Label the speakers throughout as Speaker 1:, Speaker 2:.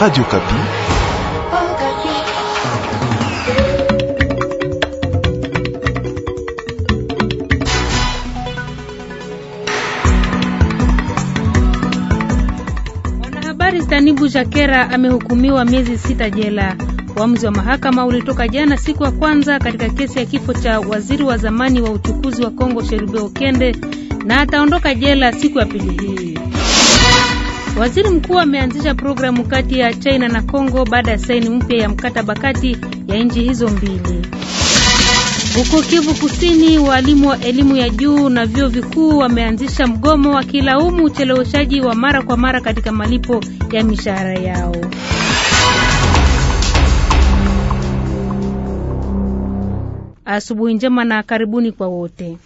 Speaker 1: Radio Kapi.
Speaker 2: Mwanahabari Stanibu Jakera amehukumiwa miezi sita jela. Uamuzi wa mahakama ulitoka jana siku ya kwanza katika kesi ya kifo cha waziri wa zamani wa uchukuzi wa Kongo Sherube Okende na ataondoka jela siku ya pili hii. Waziri mkuu ameanzisha programu kati ya China na Kongo baada ya saini mpya ya mkataba kati ya nchi hizo mbili. Huko Kivu Kusini, waalimu wa elimu ya juu na vyuo vikuu wameanzisha mgomo wakilaumu ucheleweshaji wa mara kwa mara katika malipo ya mishahara yao. Asubuhi njema na karibuni kwa wote.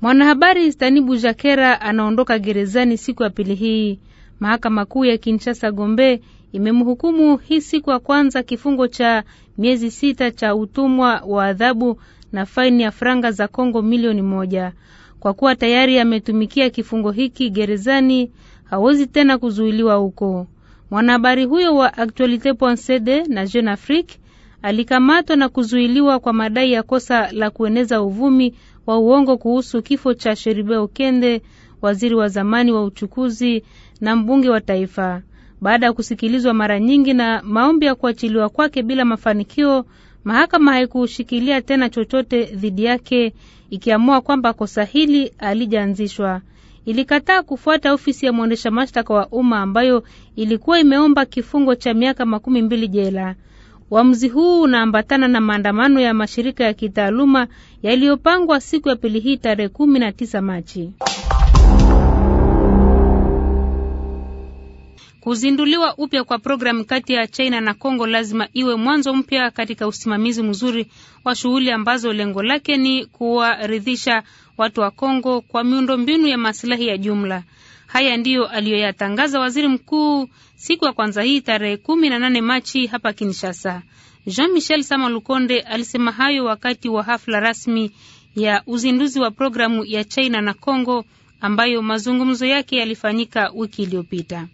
Speaker 2: Mwanahabari Stanibu Jakera anaondoka gerezani siku ya pili hii. Mahakama Kuu ya Kinshasa Gombe imemhukumu hii siku ya kwanza kifungo cha miezi sita cha utumwa wa adhabu na faini ya franga za Kongo milioni moja. Kwa kuwa tayari ametumikia kifungo hiki gerezani, hawezi tena kuzuiliwa huko. Mwanahabari huyo wa Actualite CD na Jeune Afrique alikamatwa na kuzuiliwa kwa madai ya kosa la kueneza uvumi wa uongo kuhusu kifo cha Sheribeo Kende, waziri wa zamani wa uchukuzi na mbunge wa taifa. Baada ya kusikilizwa mara nyingi na maombi ya kuachiliwa kwake bila mafanikio, mahakama haikushikilia tena chochote dhidi yake, ikiamua kwamba kosa hili alijaanzishwa Ilikataa kufuata ofisi ya mwendesha mashtaka wa umma ambayo ilikuwa imeomba kifungo cha miaka makumi mbili jela. Uamuzi huu unaambatana na maandamano ya mashirika ya kitaaluma yaliyopangwa siku ya pili hii tarehe kumi na tisa Machi. Kuzinduliwa upya kwa programu kati ya China na Kongo lazima iwe mwanzo mpya katika usimamizi mzuri wa shughuli ambazo lengo lake ni kuwaridhisha watu wa Kongo kwa miundombinu ya masilahi ya jumla. Haya ndiyo aliyoyatangaza waziri mkuu siku ya kwanza hii tarehe kumi na nane Machi hapa Kinshasa. Jean Michel Sama Lukonde alisema hayo wakati wa hafla rasmi ya uzinduzi wa programu ya China na Kongo ambayo mazungumzo yake yalifanyika wiki iliyopita.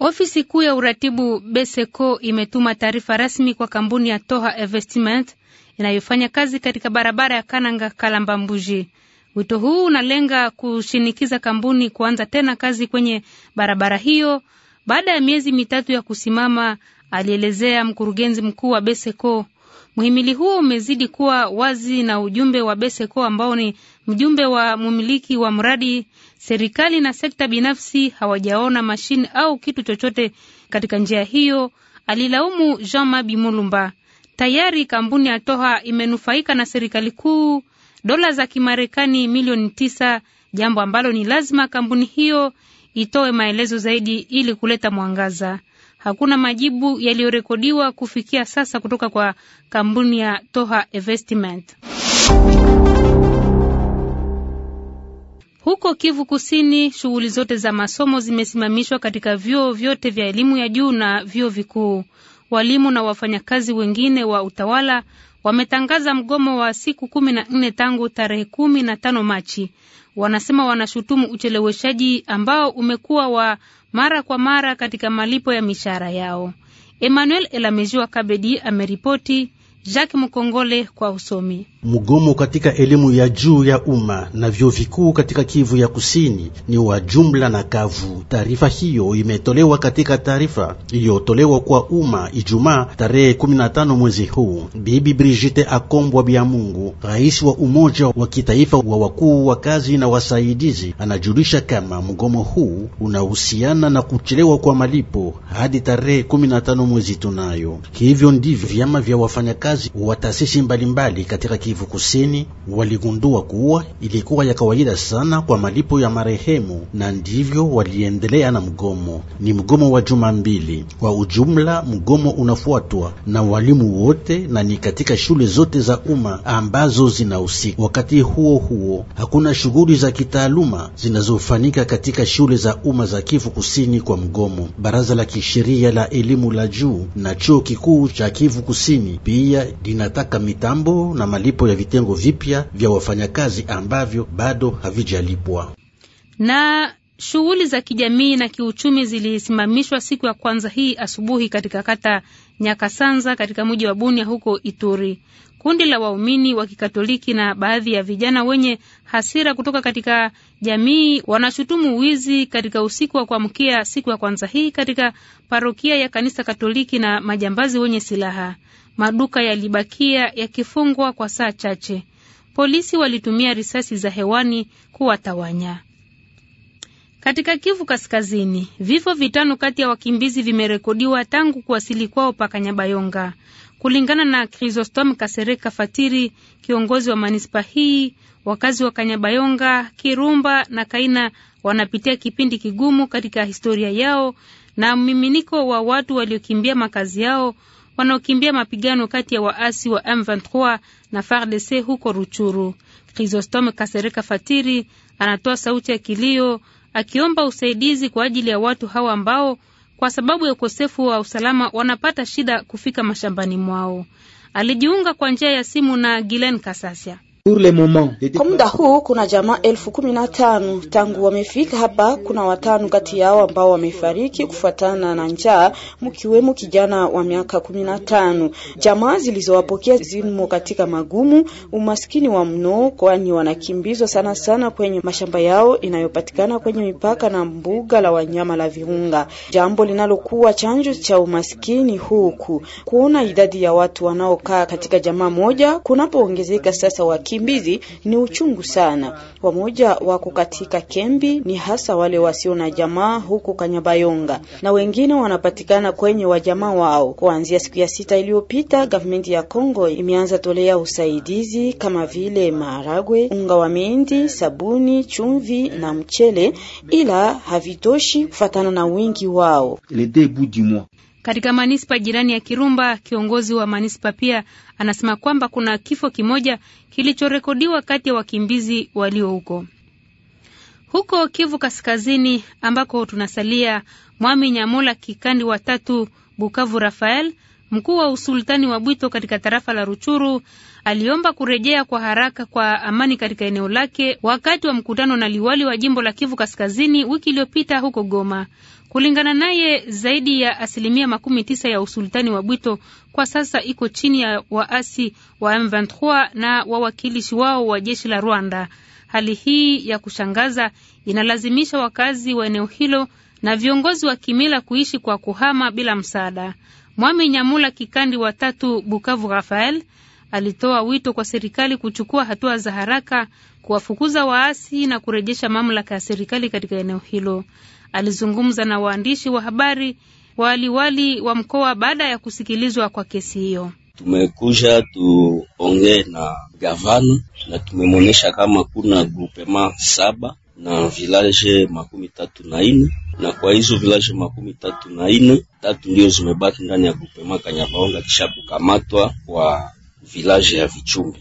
Speaker 2: Ofisi kuu ya uratibu Beseco imetuma taarifa rasmi kwa kampuni ya Toha Investment inayofanya kazi katika barabara ya Kananga Kalamba Mbuji. Wito huu unalenga kushinikiza kampuni kuanza tena kazi kwenye barabara hiyo baada ya miezi mitatu ya kusimama, alielezea mkurugenzi mkuu wa Beseco. Muhimili huo umezidi kuwa wazi na ujumbe wa Beseco ambao ni mjumbe wa mumiliki wa mradi serikali na sekta binafsi hawajaona mashine au kitu chochote katika njia hiyo, alilaumu Jean Mabi Mulumba. Tayari kampuni ya Toha imenufaika na serikali kuu dola za Kimarekani milioni tisa, jambo ambalo ni lazima kampuni hiyo itoe maelezo zaidi ili kuleta mwangaza. Hakuna majibu yaliyorekodiwa kufikia sasa kutoka kwa kampuni ya Toha Investment. Huko Kivu Kusini, shughuli zote za masomo zimesimamishwa katika vyuo vyote vya elimu ya juu na vyuo vikuu. Walimu na wafanyakazi wengine wa utawala wametangaza mgomo wa siku kumi na nne tangu tarehe kumi na tano Machi. Wanasema wanashutumu ucheleweshaji ambao umekuwa wa mara kwa mara katika malipo ya mishahara yao. Emmanuel Elamejiwa Kabedi ameripoti. Jacques Mkongole kwa usomi.
Speaker 1: Mgomo katika elimu ya juu ya umma na vyuo vikuu katika Kivu ya Kusini ni wa jumla na kavu. Taarifa hiyo imetolewa katika taarifa iliyotolewa kwa umma Ijumaa tarehe 15 mwezi huu. Bibi Brigitte Akombwa Biamungu, rais wa Umoja wa Kitaifa wa Wakuu wa Kazi na Wasaidizi, anajulisha kama mgomo huu unahusiana na kuchelewa kwa malipo hadi tarehe 15 mwezi tunayo. Hivyo ndivyo vyama vya wafanyakazi wakazi wa taasisi mbalimbali katika Kivu Kusini waligundua kuwa ilikuwa ya kawaida sana kwa malipo ya marehemu, na ndivyo waliendelea na mgomo. Ni mgomo wa juma mbili. Kwa ujumla, mgomo unafuatwa na walimu wote na ni katika shule zote za umma ambazo zinahusika. Wakati huo huo, hakuna shughuli za kitaaluma zinazofanyika katika shule za umma za Kivu Kusini kwa mgomo. Baraza la kisheria la elimu la juu na chuo kikuu cha Kivu Kusini pia pia linataka mitambo na malipo ya vitengo vipya vya wafanyakazi ambavyo bado havijalipwa.
Speaker 2: Na shughuli za kijamii na kiuchumi zilisimamishwa siku ya kwanza hii asubuhi katika kata Nyakasanza katika mji wa Bunia huko Ituri. Kundi la waumini wa Kikatoliki na baadhi ya vijana wenye hasira kutoka katika jamii wanashutumu wizi katika usiku wa kuamkia siku ya kwanza hii katika parokia ya kanisa Katoliki na majambazi wenye silaha maduka yalibakia yakifungwa kwa saa chache. Polisi walitumia risasi za hewani kuwatawanya. Katika Kivu Kaskazini, vifo vitano kati ya wakimbizi vimerekodiwa tangu kuwasili kwao Pakanyabayonga, kulingana na Krisostom Kasereka Fatiri, kiongozi wa manispa hii. Wakazi wa Kanyabayonga, Kirumba na Kaina wanapitia kipindi kigumu katika historia yao na mmiminiko wa watu waliokimbia makazi yao wanaokimbia mapigano kati ya waasi wa M23 na FARDC huko Ruchuru. krisostome Kasereka Fatiri anatoa sauti ya kilio akiomba usaidizi kwa ajili ya watu hawa ambao kwa sababu ya ukosefu wa usalama wanapata shida kufika mashambani mwao. Alijiunga kwa njia ya simu na Gilen Kasasia. Kwa muda huu
Speaker 3: kuna jamaa elfu kumi na tano tangu wamefika hapa. Kuna watano kati yao ambao wamefariki kufuatana na njaa, mkiwemo kijana wa miaka kumi na tano. Jamaa zilizowapokea zimo katika magumu, umaskini wa mno, kwani wanakimbizwa sana sana kwenye mashamba yao inayopatikana kwenye mipaka na mbuga la wanyama la Virunga, jambo linalokuwa chanjo cha umaskini huku. Kuona idadi ya watu wanaokaa katika jamaa moja kunapoongezeka sasa waki wakimbizi ni uchungu sana. Wamoja wako katika kembi ni hasa wale wasio na jamaa huko Kanyabayonga, na wengine wanapatikana kwenye wajamaa wao. Kuanzia siku ya sita iliyopita, gavumenti ya Kongo imeanza tolea usaidizi kama vile maharagwe, unga wa mindi, sabuni, chumvi na mchele, ila havitoshi kufatana na wingi wao.
Speaker 2: Katika manispa jirani ya Kirumba, kiongozi wa manispa pia anasema kwamba kuna kifo kimoja kilichorekodiwa kati ya wakimbizi walio huko. Huko Kivu Kaskazini ambako tunasalia, Mwami Nyamola Kikandi tatu Bukavu Rafael, mkuu wa usultani wa Bwito katika tarafa la Ruchuru, aliomba kurejea kwa haraka kwa amani katika eneo lake wakati wa mkutano na liwali wa jimbo la Kivu Kaskazini wiki iliyopita huko Goma. Kulingana naye, zaidi ya asilimia makumi tisa ya usultani wa Bwito kwa sasa iko chini ya waasi wa M23 na wawakilishi wao wa jeshi la Rwanda. Hali hii ya kushangaza inalazimisha wakazi wa eneo hilo na viongozi wa kimila kuishi kwa kuhama bila msaada. Mwami Nyamula Kikandi wa tatu Bukavu Rafael alitoa wito kwa serikali kuchukua hatua za haraka kuwafukuza waasi na kurejesha mamlaka ya serikali katika eneo hilo alizungumza na waandishi wa habari waliwali wa mkoa baada ya kusikilizwa kwa kesi hiyo.
Speaker 4: Tumekuja tuongee na gavana na tumemwonyesha kama kuna grupema saba na vilaje makumi tatu na nne na kwa hizo vilaje makumi tatu na nne tatu ndio zimebaki ndani ya grupema Kanyabaonga kisha kukamatwa kwa vilaje ya Vichumbi,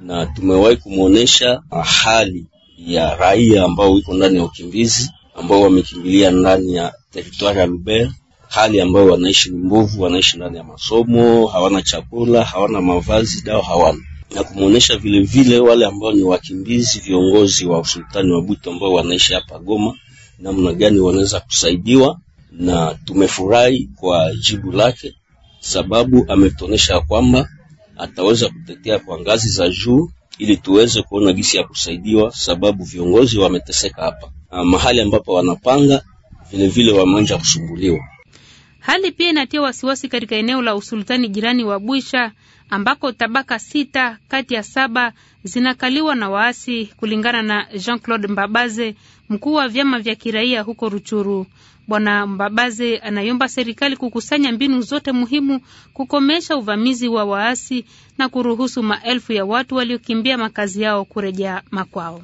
Speaker 4: na tumewahi kumwonyesha hali ya raia ambao iko ndani ya ukimbizi ambao wamekimbilia ndani ya teritwari ya Lubero. Hali ambayo wanaishi ni mbovu, wanaishi ndani ya masomo, hawana chakula, hawana mavazi, dawa hawana na kumuonesha vile vile wale ambao ni wakimbizi, viongozi wa usultani wa Buto ambao wanaishi hapa Goma, namna gani wanaweza kusaidiwa. Na tumefurahi kwa jibu lake, sababu ametuonesha kwamba ataweza kutetea kwa ngazi za juu ili tuweze kuona gisi ya kusaidiwa, sababu viongozi wameteseka hapa mahali ambapo wanapanga vilevile, wameanza kusumbuliwa.
Speaker 2: Hali pia inatia wasiwasi katika eneo la usultani jirani wa Bwisha ambako tabaka sita kati ya saba zinakaliwa na waasi kulingana na Jean-Claude Mbabaze, mkuu wa vyama vya kiraia huko Ruchuru. Bwana Mbabaze anaiomba serikali kukusanya mbinu zote muhimu kukomesha uvamizi wa waasi na kuruhusu maelfu ya watu waliokimbia makazi yao kurejea makwao.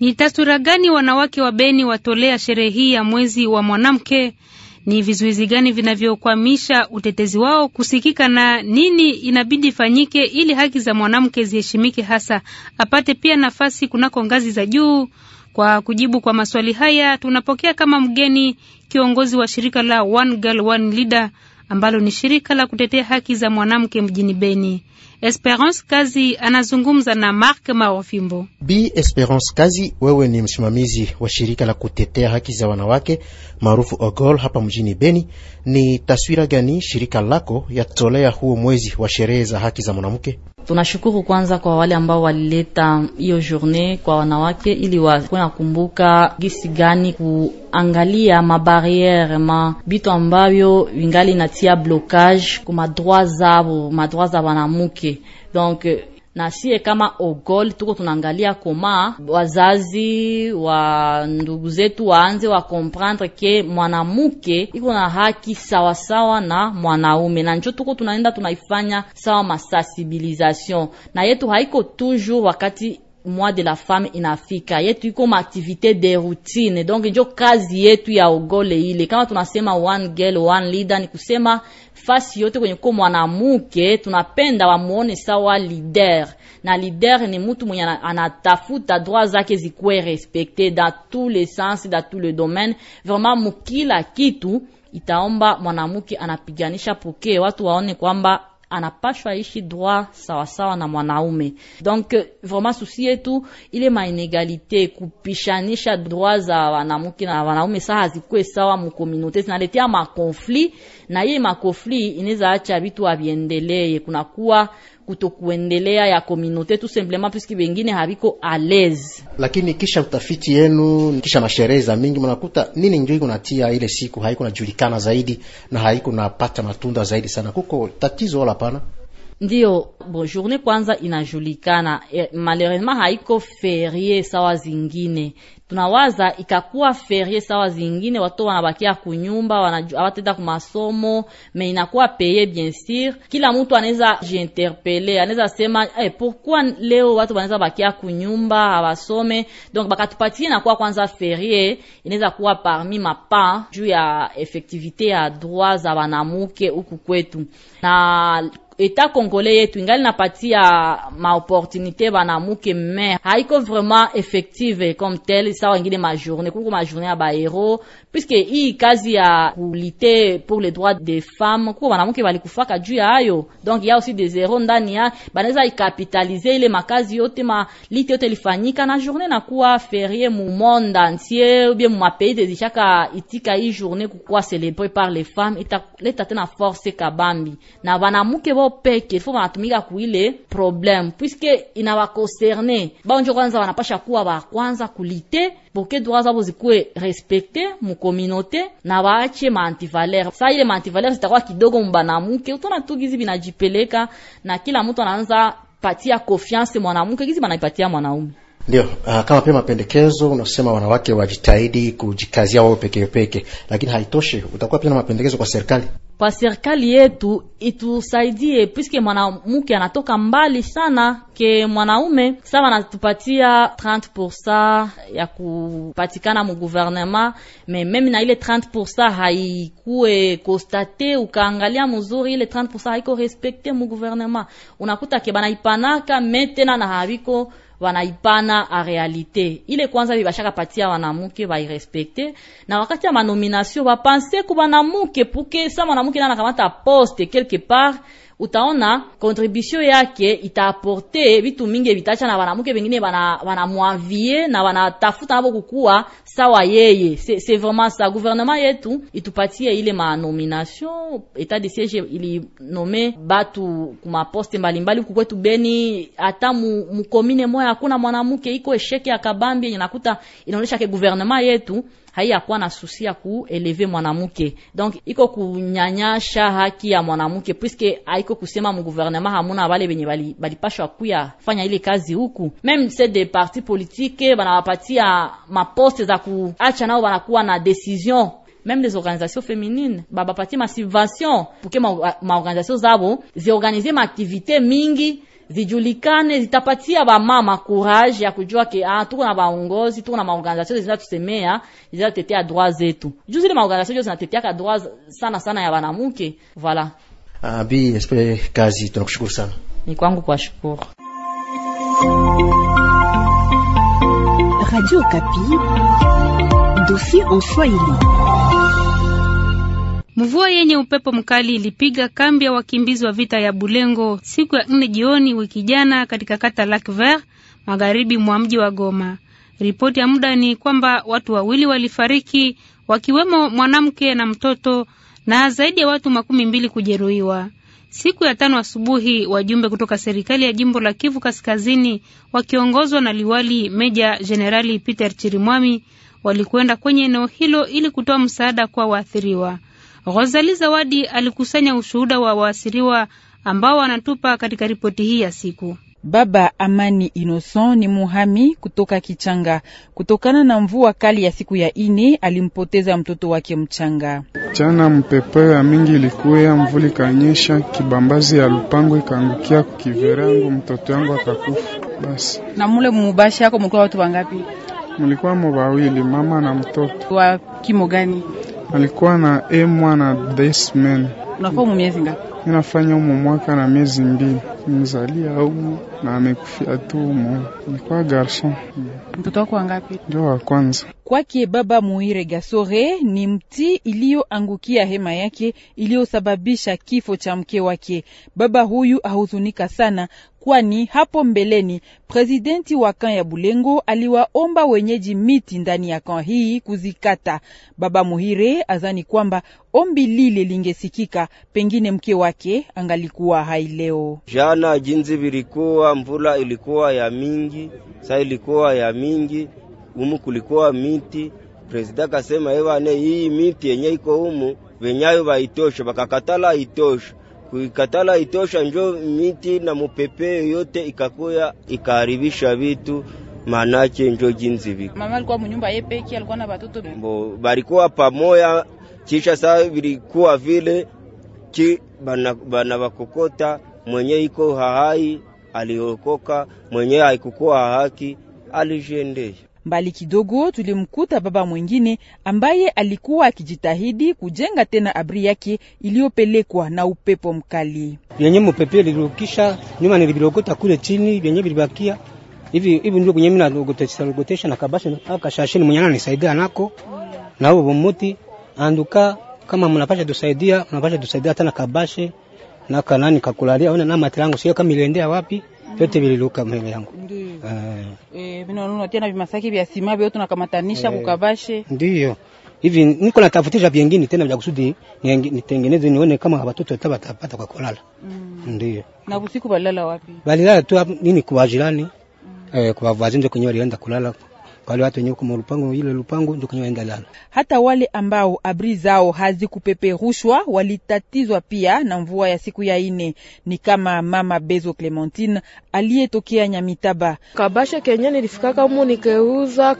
Speaker 2: Ni taswira gani wanawake wa Beni watolea sherehe hii ya mwezi wa mwanamke? Ni vizuizi gani vinavyokwamisha utetezi wao kusikika na nini inabidi ifanyike ili haki za mwanamke ziheshimike, hasa apate pia nafasi kunako ngazi za juu? Kwa kujibu kwa maswali haya tunapokea kama mgeni kiongozi wa shirika la One Girl One Leader ambalo ni shirika la kutetea haki za mwanamke mjini Beni. Esperance Kazi anazungumza na Mark Marofimbo.
Speaker 1: Bi Esperance Kazi, wewe ni msimamizi wa shirika la kutetea haki za wanawake maarufu OGOL hapa mjini Beni. Ni taswira gani shirika lako yatolea huo mwezi wa sherehe za haki za mwanamke?
Speaker 5: Tunashukuru kwanza kwa wale ambao walileta hiyo journe kwa wanawake ili wakunakumbuka gisi gani kuangalia mabariere ma bitu ambavyo vingali natia blocage ku madroit zabo, madroit za wanamuke donc na sie kama ogol tuko tunaangalia koma wazazi wa ndugu zetu waanze wa comprendre ke mwanamuke iko na haki sawasawa sawa na mwanaume, na njo tuko tunaenda tunaifanya sawa masensibilisation na yetu haiko toujours wakati mois de la femme inafika yetu iko maaktivite de routine, donc njo kazi yetu ya ugole ile. Kama tunasema one girl one leader, ni kusema fasi yote kwenye ko mwanamuke tunapenda wamuone sawa leader, na leader ni mutu mwenye anatafuta droit zake zikuwe respecte dans tous les sens, dans tous les domaines, vraiment mukila kitu. Itaomba mwanamuke anapiganisha poke watu waone kwamba anapashwa ishi droit sawasawa na mwanaume. Donc vraiment susi yetu ile mainegalite kupishanisha droit za wanamke na wanaume saa hazikwe sawa mukomunote, zinaletea makonfli na iye makonfli inaweza acha vitu aviendeleye kunakuwa kutokuendelea ya komunote tout simplement puisque wengine habiko a l'aise.
Speaker 1: Lakini kisha utafiti yenu, kisha masherehe za mingi, mnakuta nini ndio iko natia ile siku haiko najulikana zaidi na haiko napata matunda zaidi sana, kuko tatizo wala pana
Speaker 5: Ndiyo bonjourne kwanza inajulikana e, malheureusement haiko ferie sawa zingine. Tunawaza ikakuwa ferie sawa zingine, watu wanabakia kunyumba, hawatenda kumasomo, me inakuwa peye bien sûr. Kila mtu anaweza jiinterpele, anaweza sema eh, pourquoi leo watu wanaweza bakia kunyumba hawasome? Donc bakatupatie nakuwa kwanza ferie inaweza kuwa parmi mapa juu ya effectivité ya droit za wanamuke huku kwetu na eta kongole yetu ingali napatia maopportunité banamuke me haiko vraiment effective comme tel sawa ingine majourne kuko majourne ya bahero puisque hii kazi ya kulite pour les droits des femmes kuko banamuke balikufaka juu ya hayo donc ya aussi des héros ndani ya banaweza ikapitalize ile makazi yote malite yote lifanyika na journée nakuwa ferie mu monde entier ou bien mu mapays itika hii journée kukuwa célébré par les femmes italeta tena force kabambi na banamuke bo wao peke ilifo wanatumika kuile problem puisque inawakonserne banjo kwanza wanapasha kuwa wa kulite boke droit zabo zikuwe respecte mukominauté na waache maantivalere. Sa ile maantivalere zitakuwa kidogo mbanamuke, utona tu gizi binajipeleka na kila mtu anaanza patia confiance mwanamke gizi banaipatia mwanaume.
Speaker 1: Ndio, ah, kama pia mapendekezo unasema wanawake wajitahidi kujikazia wao peke peke, lakini haitoshi. Utakuwa pia na mapendekezo kwa serikali,
Speaker 5: kwa serikali yetu itusaidie, piske mwanamke anatoka mbali sana ke mwanaume. Sawa, anatupatia 30% ya kupatikana mu gouvernement, me meme na ile 30% haikuwe konstate. Ukaangalia mzuri, ile 30% haiko respecte mu gouvernement, unakuta ke banaipanaka metena na habiko wanaipana a realite ile kwanza bibashaka patia wanamuke bairespekte na wakati ya que ça ku banamuke puke sa na à poste quelque part utaona contribution yake itaaporte vitu mingi vitacha na wanamuke wengine wanamwavie na wanatafuta navo kukuwa sawa yeye. C'est vraiment ça. Gouvernement yetu itupatie ile ma nomination, etat de siege ilinome batu kumaposte mbalimbali huku kwetu Beni, hata mukomine moya hakuna mwanamuke iko esheke ya kabambi yenye nakuta inaonesha ke gouvernement yetu haiyakuwa na susia kueleve mwanamke, donc iko kunyanyasha haki ya mwanamke, puisque haiko kusema gouvernement hamuna wale benye balipashwa bali kuya fanya ile kazi huku. Meme se de parti politique banawapatia maposte za kuacha, nao banakuwa na decision même les organisations féminines babapatie subvention, pour que ma ma zabo ziorganize activité mingi zijulikane, zitapatia bamama courage ya kujua ke ah, tuko na baongozi, tuko na maorganizasio zinatusemea, zinatetea droit zetu, juu zile maorganizasio zinateteaka droit sana sana ya banamuke. Voilà,
Speaker 1: Abi ah, Espere Kazi, tunakushukuru sana.
Speaker 5: Ni kwangu kwa shukuru. Radio Kapi, dossier en
Speaker 2: Swahili. Mvua yenye upepo mkali ilipiga kambi ya wakimbizi wa vita ya Bulengo siku ya nne jioni wiki jana katika kata Lac Vert magharibi mwa mji wa Goma. Ripoti ya muda ni kwamba watu wawili walifariki wakiwemo mwanamke na mtoto na zaidi ya watu makumi mbili kujeruhiwa. Siku ya tano asubuhi, wajumbe kutoka serikali ya jimbo la Kivu Kaskazini wakiongozwa na liwali meja jenerali Peter Chirimwami walikwenda kwenye eneo hilo ili kutoa msaada kwa waathiriwa. Rosali Zawadi alikusanya ushuhuda wa waasiriwa ambao wanatupa katika ripoti hii ya siku. Baba Amani Innocent
Speaker 3: ni muhami kutoka Kichanga. Kutokana na mvua kali ya siku ya ine, alimpoteza mtoto wake mchanga. Jana mpepe ya mingi ilikuya, mvuli kanyesha, kibambazi ya lupango ikaangukia kukivera mtoto yangu akakufa. Basi na mule mubashi yako, mulikuwa watu wangapi? Mulikuwa mubawili, mama na mtoto. wa kimo gani? alikuwa na e mwana desmen. Unakuwa mu miezi ngapi? Ninafanya umo mwaka na miezi mbili. Mzalia umu na amekufia tu umu, Alikuwa garson. Mtoto wako wangapi? Ndio wa kwanza. Kwake baba Muire Gasore ni mti iliyoangukia hema yake iliyosababisha kifo cha mke wake. Baba huyu ahuzunika sana kwani hapo mbeleni prezidenti wa kan ya Bulengo aliwaomba wenyeji miti ndani ya kan hii kuzikata. Baba Muhire azani kwamba ombi lile lingesikika, pengine mke wake angalikuwa hai leo.
Speaker 4: Jana jinzi vilikuwa mvula ilikuwa ya mingi, saa ilikuwa ya mingi, umu kulikuwa miti Prezida kasema ewane, hii miti yenye iko umu venyayo vaitosha, vakakatala itosha kuikatala itosha, njo miti na mupepe yote ikakuya ikaharibisha vitu manake njo jinzi viko
Speaker 3: mama alikuwa munyumba yeye peke, alikuwa na watoto
Speaker 4: bo barikuwa pamoya, kisha saa vilikuwa vile ki bana, bana bakokota mwenye iko hahai aliokoka, mwenye haikukuwa haki alijiendesha
Speaker 3: Mbali kidogo tulimkuta baba mwingine ambaye alikuwa akijitahidi kujenga tena abri yake iliyopelekwa na upepo mkali.
Speaker 4: Vyenye mupepe lilirukisha nyuma, nilivilogota kule chini, vyenye vilibakia hivi hivi, ndio kwenye mina nalogotesha logotesha na kabasha au kashashini mwenye ananisaidia nako na huo bomuti anduka, kama mnapasha tusaidia, mnapasha tusaidia tena kabashe na kanani kakulalia, ona na matirango sio kama ilendea wapi vyote vililuka mbele yangu
Speaker 3: eh, vinaona eh, tena vimasaki vya sima vyote tunakamatanisha eh. kukavashe.
Speaker 4: Ndio hivi niko natafutisha vingine tena vya kusudi nitengeneze nione kama watoto tata watapata kwa kulala. Mm. Ndio
Speaker 3: na usiku balala wapi?
Speaker 4: Balala tu nini kwa jirani, mm. eh, kwa wazinzi kwenye walienda kulala wale watu wenye huko mlupango ile lupango ndio kwenye waenda lala.
Speaker 3: Hata wale ambao abri zao hazikupeperushwa walitatizwa pia na mvua ya siku ya ine, ni kama mama Bezo Clementine aliyetokea Nyamitaba. Kabasha kenye nilifika kama nikeuza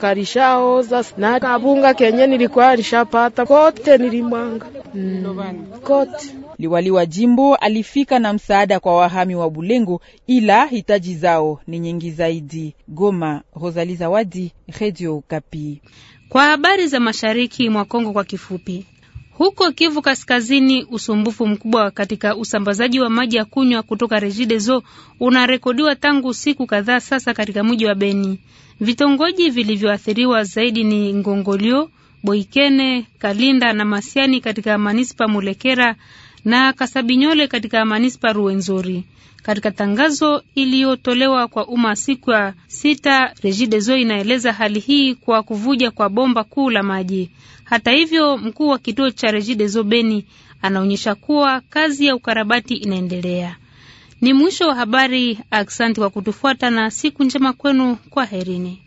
Speaker 3: za na kabunga kenye nilikuwa alishapata kote nilimwanga mm, kote Liwali wa jimbo alifika na msaada kwa wahami wa Bulengo, ila hitaji zao ni nyingi zaidi.
Speaker 2: Goma, Rosali Zawadi, Radio Kapi. Kwa habari za mashariki mwa Kongo kwa kifupi. Huko Kivu Kaskazini, usumbufu mkubwa katika usambazaji wa maji ya kunywa kutoka Regideso unarekodiwa tangu siku kadhaa sasa katika mji wa Beni. Vitongoji vilivyoathiriwa zaidi ni Ngongolio, Boikene, Kalinda na Masiani katika manispa Mulekera na Kasabinyole katika manispa Ruwenzori. Katika tangazo iliyotolewa kwa umma siku ya sita, Regideso inaeleza hali hii kwa kuvuja kwa bomba kuu la maji. Hata hivyo, mkuu wa kituo cha Regideso Beni anaonyesha kuwa kazi ya ukarabati inaendelea. Ni mwisho wa habari. Aksanti kwa kutufuata na siku njema kwenu, kwa herini.